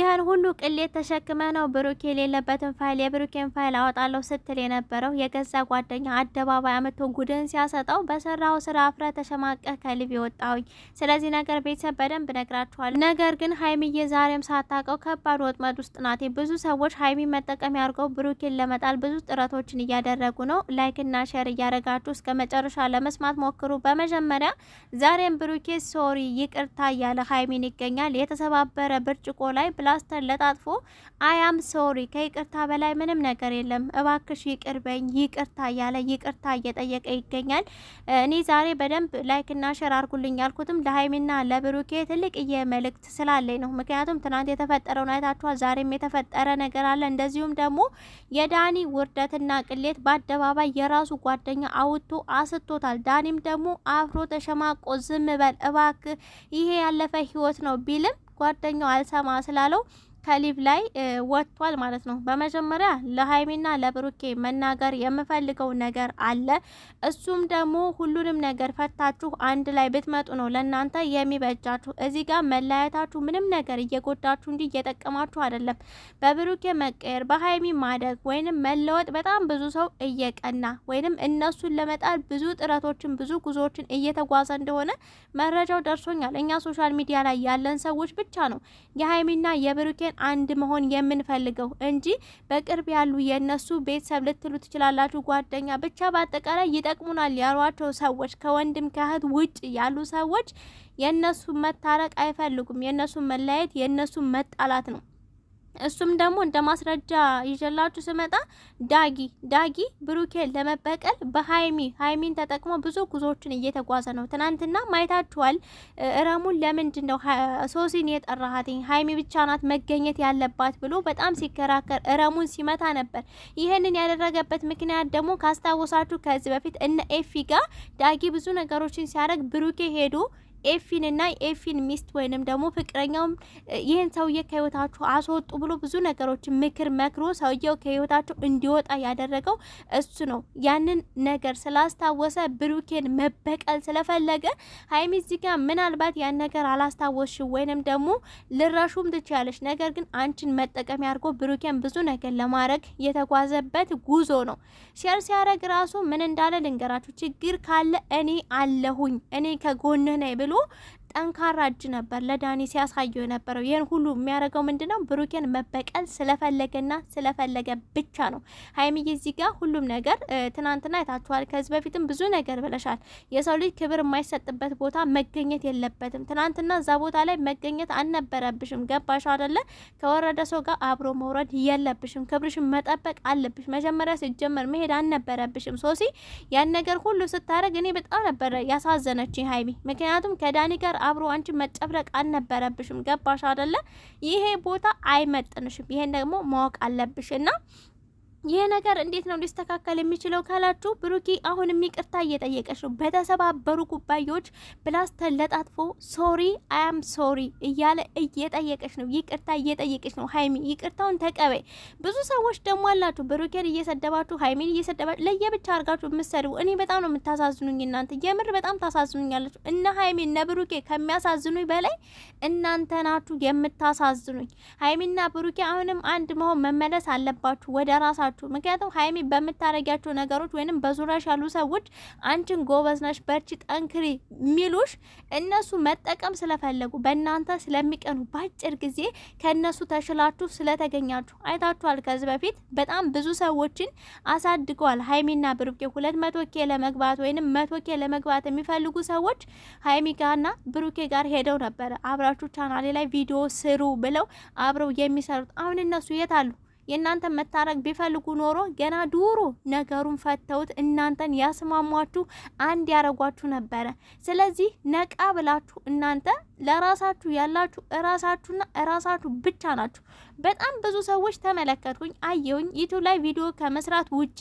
ይህን ሁሉ ቅሌት ተሸክመ ነው ብሩኬ የሌለበትን ፋይል የብሩኬን ፋይል አወጣለሁ ስትል የነበረው የገዛ ጓደኛ አደባባይ አመቶ ጉድን ሲያሰጠው በሰራው ስራ አፍረ ተሸማቀ ከልብ ይወጣውኝ። ስለዚህ ነገር ቤተሰብ በደንብ ነግራችኋል። ነገር ግን ሀይሚዬ ዛሬም ሳታውቀው ከባድ ወጥመድ ውስጥ ናት። ብዙ ሰዎች ሀይሚ መጠቀም ያርገው ብሩኬን ለመጣል ብዙ ጥረቶችን እያደረጉ ነው። ላይክና ሼር እያደረጋችሁ እስከ መጨረሻ ለመስማት ሞክሩ። በመጀመሪያ ዛሬም ብሩኬ ሶሪ ይቅርታ እያለ ሀይሚን ይገኛል። የተሰባበረ ብርጭቆ ላይ ፕላስተር ለጣጥፎ አያም ሶሪ ከይቅርታ በላይ ምንም ነገር የለም፣ እባክሽ ይቅርበኝ፣ ይቅርታ እያለ ይቅርታ እየጠየቀ ይገኛል። እኔ ዛሬ በደንብ ላይክና ሸር አርጉልኝ ያልኩትም ለሀይሚና ለብሩኬ ትልቅዬ መልእክት ስላለኝ ነው። ምክንያቱም ትናንት የተፈጠረውን አይታችኋል። ዛሬም የተፈጠረ ነገር አለ። እንደዚሁም ደግሞ የዳኒ ውርደትና ቅሌት በአደባባይ የራሱ ጓደኛ አውቶ አስቶታል። ዳኒም ደግሞ አፍሮ ተሸማቆ ዝም በል እባክ ይሄ ያለፈ ህይወት ነው ቢልም ጓደኛው አልሰማ ስላለው ከሊቭ ላይ ወጥቷል ማለት ነው። በመጀመሪያ ለሀይሚና ለብሩኬ መናገር የምፈልገው ነገር አለ። እሱም ደግሞ ሁሉንም ነገር ፈታችሁ አንድ ላይ ብትመጡ ነው ለእናንተ የሚበጃችሁ። እዚህ ጋር መለያየታችሁ ምንም ነገር እየጎዳችሁ እንጂ እየጠቀማችሁ አይደለም። በብሩኬ መቀየር፣ በሀይሚ ማደግ ወይንም መለወጥ በጣም ብዙ ሰው እየቀና ወይንም እነሱን ለመጣል ብዙ ጥረቶችን ብዙ ጉዞዎችን እየተጓዘ እንደሆነ መረጃው ደርሶኛል። እኛ ሶሻል ሚዲያ ላይ ያለን ሰዎች ብቻ ነው የሀይሚና የብሩኬ ሁሌን አንድ መሆን የምንፈልገው እንጂ በቅርብ ያሉ የነሱ ቤተሰብ ልትሉ ትችላላችሁ፣ ጓደኛ፣ ብቻ በአጠቃላይ ይጠቅሙናል ያሏቸው ሰዎች ከወንድም ከእህት ውጭ ያሉ ሰዎች የእነሱ መታረቅ አይፈልጉም። የእነሱ መለያየት፣ የእነሱ መጣላት ነው። እሱም ደግሞ እንደ ማስረጃ ይዤላችሁ ስመጣ ዳጊ ዳጊ ብሩኬን ለመበቀል በሀይሚ ሀይሚን ተጠቅሞ ብዙ ጉዞዎችን እየተጓዘ ነው። ትናንትና ማየታችኋል። እረሙን ለምንድን ነው ሶሲን የጠራሃትኝ? ሀይሚ ብቻ ናት መገኘት ያለባት ብሎ በጣም ሲከራከር እረሙን ሲመታ ነበር። ይህንን ያደረገበት ምክንያት ደግሞ ካስታወሳችሁ ከዚህ በፊት እነ ኤፊ ጋር ዳጊ ብዙ ነገሮችን ሲያደርግ ብሩኬ ሄዶ ኤፊን እና ኤፊን ሚስት ወይንም ደግሞ ፍቅረኛውም ይህን ሰውዬ ከህይወታችሁ አስወጡ ብሎ ብዙ ነገሮችን ምክር መክሮ ሰውየው ከህይወታቸው እንዲወጣ ያደረገው እሱ ነው። ያንን ነገር ስላስታወሰ ብሩኬን መበቀል ስለፈለገ ሀይሚ ዚጋ ምናልባት ያን ነገር አላስታወስሽ ወይንም ደግሞ ልረሹም ትችያለሽ። ነገር ግን አንቺን መጠቀሚያ አድርጎ ብሩኬን ብዙ ነገር ለማድረግ የተጓዘበት ጉዞ ነው። ሼር ሲያደረግ ራሱ ምን እንዳለ ልንገራችሁ። ችግር ካለ እኔ አለሁኝ፣ እኔ ከጎንህ ነኝ लो ጠንካራ እጅ ነበር ለዳኒ ሲያሳየው የነበረው። ይህን ሁሉ የሚያደርገው ምንድነው? ብሩኬን መበቀል ስለፈለገና ስለፈለገ ብቻ ነው። ሀይሚዬ እዚህ ጋር ሁሉም ነገር ትናንትና አይታችኋል። ከዚህ በፊትም ብዙ ነገር ብለሻል። የሰው ልጅ ክብር የማይሰጥበት ቦታ መገኘት የለበትም። ትናንትና እዛ ቦታ ላይ መገኘት አልነበረብሽም። ገባሽ አደለ? ከወረደ ሰው ጋር አብሮ መውረድ የለብሽም። ክብርሽን መጠበቅ አለብሽ። መጀመሪያ ሲጀመር መሄድ አልነበረብሽም። ሶሲ ያን ነገር ሁሉ ስታደርግ እኔ በጣም ነበረ ያሳዘነችኝ ሀይሚ፣ ምክንያቱም ከዳኒ ጋር አብሮ አንቺ መጨብረቅ አልነበረብሽም። ገባሽ አደለ? ይሄ ቦታ አይመጥንሽም። ይሄን ደግሞ ማወቅ አለብሽ እና ይህ ነገር እንዴት ነው ሊስተካከል የሚችለው ካላችሁ፣ ብሩኪ አሁንም ይቅርታ እየጠየቀች ነው። በተሰባበሩ ኩባያዎች ፕላስተር ለጣጥፎ ሶሪ አያም ሶሪ እያለ እየጠየቀች ነው። ይቅርታ እየጠየቀች ነው። ሀይሚ ይቅርታውን ተቀበይ። ብዙ ሰዎች ደግሞ አላችሁ፣ ብሩኬን እየሰደባችሁ፣ ሀይሚን እየሰደባችሁ ለየብቻ አድርጋችሁ የምትሰድቡ እኔ በጣም ነው የምታሳዝኑኝ። እናንተ የምር በጣም ታሳዝኑኛላችሁ። እነ ሀይሚ እነ ብሩኬ ከሚያሳዝኑኝ በላይ እናንተ ናችሁ የምታሳዝኑኝ። ሀይሚና ብሩኬ አሁንም አንድ መሆን መመለስ አለባችሁ ወደ ራሳ ናችሁ። ምክንያቱም ሀይሚ በምታረጊያቸው ነገሮች ወይንም በዙሪያሽ ያሉ ሰዎች አንቺን ጎበዝ ነሽ፣ በርቺ፣ ጠንክሪ የሚሉሽ እነሱ መጠቀም ስለፈለጉ በእናንተ ስለሚቀኑ በአጭር ጊዜ ከእነሱ ተሽላችሁ ስለተገኛችሁ አይታችኋል። ከዚህ በፊት በጣም ብዙ ሰዎችን አሳድገዋል ሀይሚና ብሩኬ ሁለት መቶ ኬ ለመግባት ወይንም መቶ ኬ ለመግባት የሚፈልጉ ሰዎች ሀይሚ ጋርና ብሩኬ ጋር ሄደው ነበረ አብራችሁ ቻናሌ ላይ ቪዲዮ ስሩ ብለው አብረው የሚሰሩት አሁን እነሱ የት አሉ? የእናንተን መታረቅ ቢፈልጉ ኖሮ ገና ዱሮ ነገሩን ፈተውት እናንተን ያስማሟችሁ አንድ ያረጓችሁ ነበረ። ስለዚህ ነቃ ብላችሁ እናንተ ለራሳችሁ ያላችሁ እራሳችሁና እራሳችሁ ብቻ ናችሁ። በጣም ብዙ ሰዎች ተመለከትኩኝ፣ አየሁኝ ዩቱብ ላይ ቪዲዮ ከመስራት ውጪ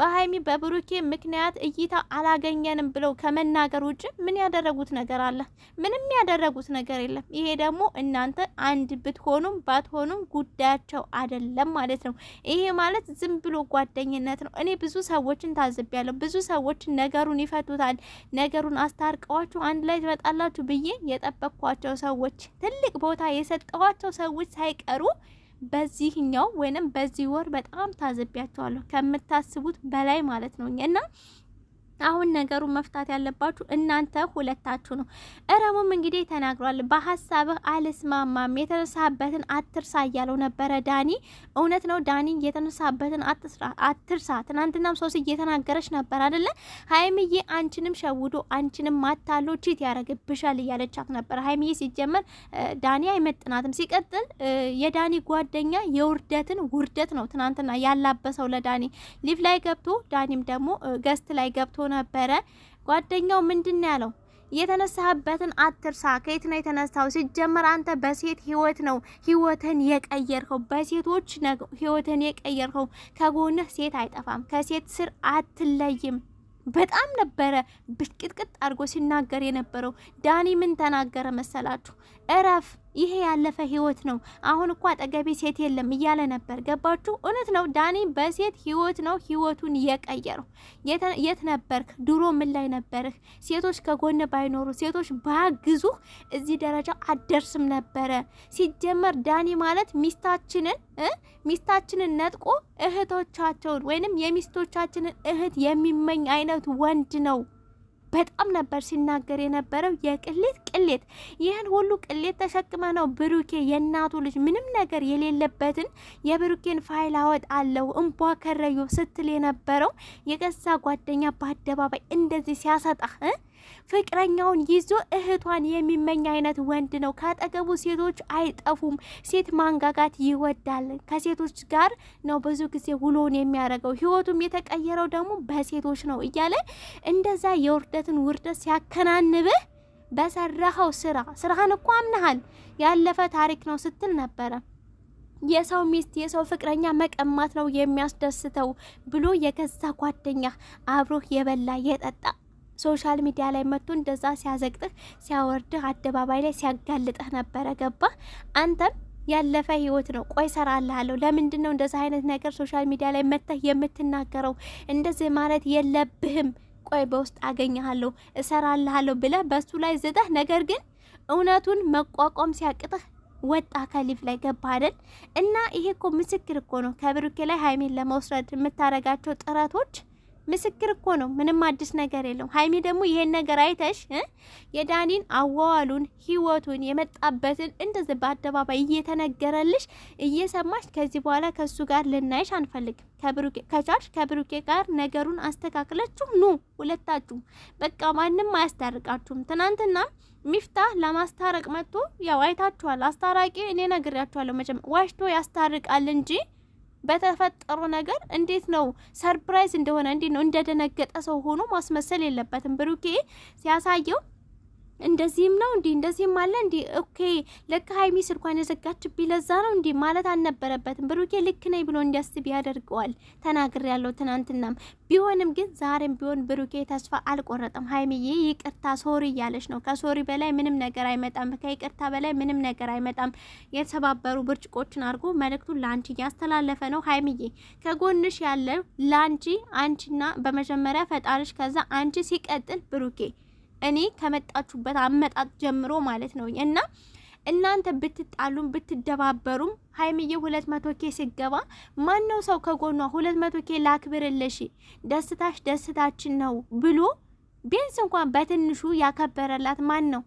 በሀይሚ በብሩኬ ምክንያት እይታ አላገኘንም ብለው ከመናገር ውጭ ምን ያደረጉት ነገር አለ? ምንም ያደረጉት ነገር የለም። ይሄ ደግሞ እናንተ አንድ ብትሆኑም ባትሆኑም ጉዳያቸው አይደለም ማለት ነው። ይሄ ማለት ዝም ብሎ ጓደኝነት ነው። እኔ ብዙ ሰዎችን ታዝቢያለሁ። ብዙ ሰዎችን ነገሩን ይፈቱታል፣ ነገሩን አስታርቀዋችሁ አንድ ላይ ትመጣላችሁ ብዬ የጠበቅኳቸው ሰዎች፣ ትልቅ ቦታ የሰጠዋቸው ሰዎች ሳይቀሩ በዚህኛው ወይንም በዚህ ወር በጣም ታዘቢያቸዋለሁ ከምታስቡት በላይ ማለት ነው እና አሁን ነገሩ መፍታት ያለባችሁ እናንተ ሁለታችሁ ነው። እረሙም እንግዲህ ተናግሯል። በሀሳብህ አልስማማም፣ የተነሳበትን አትርሳ እያለው ነበረ ዳኒ። እውነት ነው ዳኒ፣ የተነሳበትን አትርሳ። ትናንትናም ሶስ እየተናገረች ነበር አደለ? ሀይምዬ አንቺንም ሸውዶ አንቺንም ማታሎ ቺት ያደረግብሻል እያለቻት ነበር። ሀይምዬ ሲጀመር ዳኒ አይመጥናትም። ሲቀጥል የዳኒ ጓደኛ የውርደትን ውርደት ነው ትናንትና ያላበሰው ለዳኒ ሊፍ ላይ ገብቶ ዳኒም ደግሞ ገስት ላይ ገብቶ ነበረ። ጓደኛው ምንድን ያለው? የተነሳህበትን አትርሳ። ከየት ነው የተነሳው? ሲጀመር አንተ በሴት ህይወት ነው ህይወትን የቀየርከው፣ በሴቶች ህይወትን የቀየርከው። ከጎንህ ሴት አይጠፋም፣ ከሴት ስር አትለይም። በጣም ነበረ ብቅጥቅጥ አድርጎ ሲናገር የነበረው ዳኒ ምን ተናገረ መሰላችሁ? እረፍ ይሄ ያለፈ ህይወት ነው። አሁን እኮ አጠገቤ ሴት የለም እያለ ነበር። ገባችሁ? እውነት ነው። ዳኒ በሴት ህይወት ነው ህይወቱን የቀየረው። የት ነበርክ? ድሮ ምን ላይ ነበርህ? ሴቶች ከጎን ባይኖሩ፣ ሴቶች ባያግዙህ እዚህ ደረጃ አደርስም ነበረ። ሲጀመር ዳኒ ማለት ሚስታችንን ሚስታችንን ነጥቆ እህቶቻቸውን ወይንም የሚስቶቻችንን እህት የሚመኝ አይነት ወንድ ነው። በጣም ነበር ሲናገር የነበረው የቅሌት ቅሌት። ይህን ሁሉ ቅሌት ተሸክመ ነው ብሩኬ የእናቱ ልጅ ምንም ነገር የሌለበትን የብሩኬን ፋይል አወጥ አለው እምቧ ከረዩ ስትል የነበረው የገዛ ጓደኛ በአደባባይ እንደዚህ ሲያሰጣ ፍቅረኛውን ይዞ እህቷን የሚመኝ አይነት ወንድ ነው። ካጠገቡ ሴቶች አይጠፉም። ሴት ማንጋጋት ይወዳል። ከሴቶች ጋር ነው ብዙ ጊዜ ውሎውን የሚያደርገው። ህይወቱም የተቀየረው ደግሞ በሴቶች ነው እያለ እንደዛ የውርደትን ውርደት ሲያከናንብህ በሰራኸው ስራ ስራህን እኮ አምናሃል ያለፈ ታሪክ ነው ስትል ነበረ። የሰው ሚስት የሰው ፍቅረኛ መቀማት ነው የሚያስደስተው ብሎ የገዛ ጓደኛ አብሮህ የበላ የጠጣ ሶሻል ሚዲያ ላይ መጥቶ እንደዛ ሲያዘቅጥ ሲያወርድህ፣ አደባባይ ላይ ሲያጋልጥህ ነበረ። ገባ አንተም ያለፈ ህይወት ነው። ቆይ ሰራልሃለሁ። ለምንድን ነው እንደዚህ አይነት ነገር ሶሻል ሚዲያ ላይ መጥተህ የምትናገረው? እንደዚህ ማለት የለብህም። ቆይ በውስጥ አገኘሃለሁ፣ እሰራልሃለሁ ብለህ በሱ ላይ ዝተህ፣ ነገር ግን እውነቱን መቋቋም ሲያቅጥህ ወጣ ከሊፍ ላይ ገባ አይደል? እና ይሄ እኮ ምስክር እኮ ነው ከብሩኬ ላይ ሀይሜን ለመውሰድ የምታደርጋቸው ጥረቶች ምስክር እኮ ነው። ምንም አዲስ ነገር የለውም። ሀይሚ ደግሞ ይሄን ነገር አይተሽ የዳኒን አዋዋሉን፣ ህይወቱን፣ የመጣበትን እንደዚ በአደባባይ እየተነገረልሽ እየሰማሽ ከዚህ በኋላ ከሱ ጋር ልናይሽ አንፈልግም። ከቻልሽ ከብሩኬ ጋር ነገሩን አስተካክለችሁ ኑ ሁለታችሁ። በቃ ማንም አያስታርቃችሁም። ትናንትና ሚፍታህ ለማስታረቅ መጥቶ ያው አይታችኋል። አስታራቂ እኔ ነግሬያችኋለሁ። መጀመ ዋሽቶ ያስታርቃል እንጂ በተፈጠሩ ነገር እንዴት ነው ሰርፕራይዝ እንደሆነ እንዴት ነው እንደደነገጠ ሰው ሆኖ ማስመሰል የለበትም። ብሩኬ ሲያሳየው እንደዚህም ነው እንዲህ እንደዚህም አለ እንዲህ ኦኬ፣ ለካ ሀይሚ ስልኳን የዘጋችብኝ ለዛ ነው እንዲህ ማለት አልነበረበትም። ብሩኬ ልክ ነኝ ብሎ እንዲያስብ ያደርገዋል። ተናግር ያለው ትናንትናም ቢሆንም ግን ዛሬም ቢሆን ብሩኬ ተስፋ አልቆረጠም። ሀይሚዬ ይቅርታ ሶሪ እያለች ነው። ከሶሪ በላይ ምንም ነገር አይመጣም። ከይቅርታ በላይ ምንም ነገር አይመጣም። የተሰባበሩ ብርጭቆችን አድርጎ መልእክቱን ለአንቺ እያስተላለፈ ነው። ሀይሚዬ ከጎንሽ ያለው ለአንቺ አንቺና በመጀመሪያ ፈጣሪሽ፣ ከዛ አንቺ ሲቀጥል ብሩኬ እኔ ከመጣችሁበት አመጣጥ ጀምሮ ማለት ነው እና እናንተ ብትጣሉም ብትደባበሩም ሀይሚዬ ሁለት መቶ ኬ ሲገባ ማነው ሰው ከጎኗ ሁለት መቶ ኬ ላክብርልሽ፣ ደስታሽ ደስታችን ነው ብሎ ቢያንስ እንኳን በትንሹ ያከበረላት ማን ነው?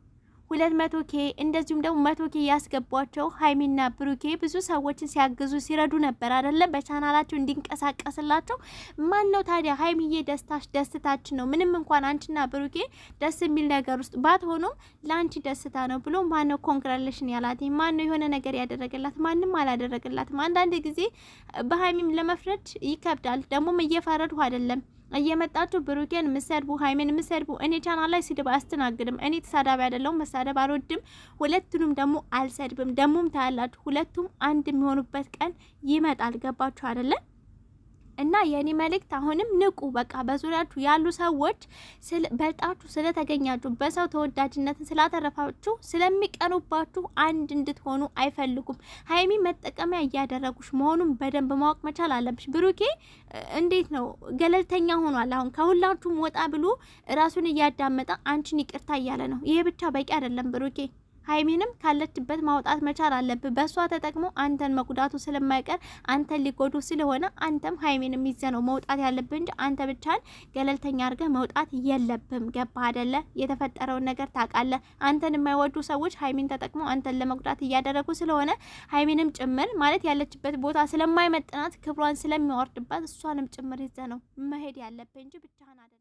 ሁለት መቶ ኬ እንደዚሁም ደግሞ መቶ ኬ ያስገቧቸው ሀይሚና ብሩኬ ብዙ ሰዎችን ሲያግዙ ሲረዱ ነበር አይደለም በቻናላቸው እንዲንቀሳቀስላቸው። ማን ነው ታዲያ ሀይሚዬ፣ ደስታሽ ደስታችን ነው። ምንም እንኳን አንቺና ብሩኬ ደስ የሚል ነገር ውስጥ ባትሆኑም ለአንቺ ደስታ ነው ብሎ ማን ነው ኮንግራሌሽን ያላት? ማን ነው የሆነ ነገር ያደረገላት? ማንም አላደረገላትም። አንዳንድ ጊዜ በሀይሚም ለመፍረድ ይከብዳል። ደግሞም እየፈረድሁ አይደለም እየመጣችሁ ብሩኬን ምሰድቡ፣ ሀይሜን ምሰድቡ። እኔ ቻናል ላይ ስድብ አስተናግድም። እኔ ተሳዳቢ አይደለሁም፣ መሳደብ አልወድም። ሁለቱንም ደግሞ አልሰድብም። ደግሞም ታያላችሁ፣ ሁለቱም አንድ የሚሆኑበት ቀን ይመጣል። ገባችሁ አይደለም? እና የኔ መልእክት አሁንም ንቁ። በቃ በዙሪያችሁ ያሉ ሰዎች በልጣችሁ ስለተገኛችሁ በሰው ተወዳጅነትን ስላተረፋችሁ ስለሚቀኑባችሁ አንድ እንድትሆኑ አይፈልጉም። ሀይሚ መጠቀሚያ እያደረጉሽ መሆኑን በደንብ ማወቅ መቻል አለብሽ። ብሩኬ እንዴት ነው ገለልተኛ ሆኗል። አሁን ከሁላችሁም ወጣ ብሎ ራሱን እያዳመጠ አንቺን ይቅርታ እያለ ነው። ይሄ ብቻ በቂ አይደለም ብሩኬ ሀይሜንም ካለችበት ማውጣት መቻል አለብህ። በእሷ ተጠቅሞ አንተን መጉዳቱ ስለማይቀር አንተን ሊጎዱ ስለሆነ አንተም ሀይሜን ይዘህ ነው መውጣት ያለብህ እንጂ አንተ ብቻን ገለልተኛ አድርገህ መውጣት የለብም። ገባህ አይደለ? የተፈጠረውን ነገር ታውቃለህ። አንተን የማይወዱ ሰዎች ሀይሜን ተጠቅሞ አንተን ለመጉዳት እያደረጉ ስለሆነ ሀይሜንም ጭምር ማለት ያለችበት ቦታ ስለማይመጥናት፣ ክብሯን ስለሚወርድባት እሷንም ጭምር ይዘ ነው መሄድ ያለብህ እንጂ ብቻህን አይደለም።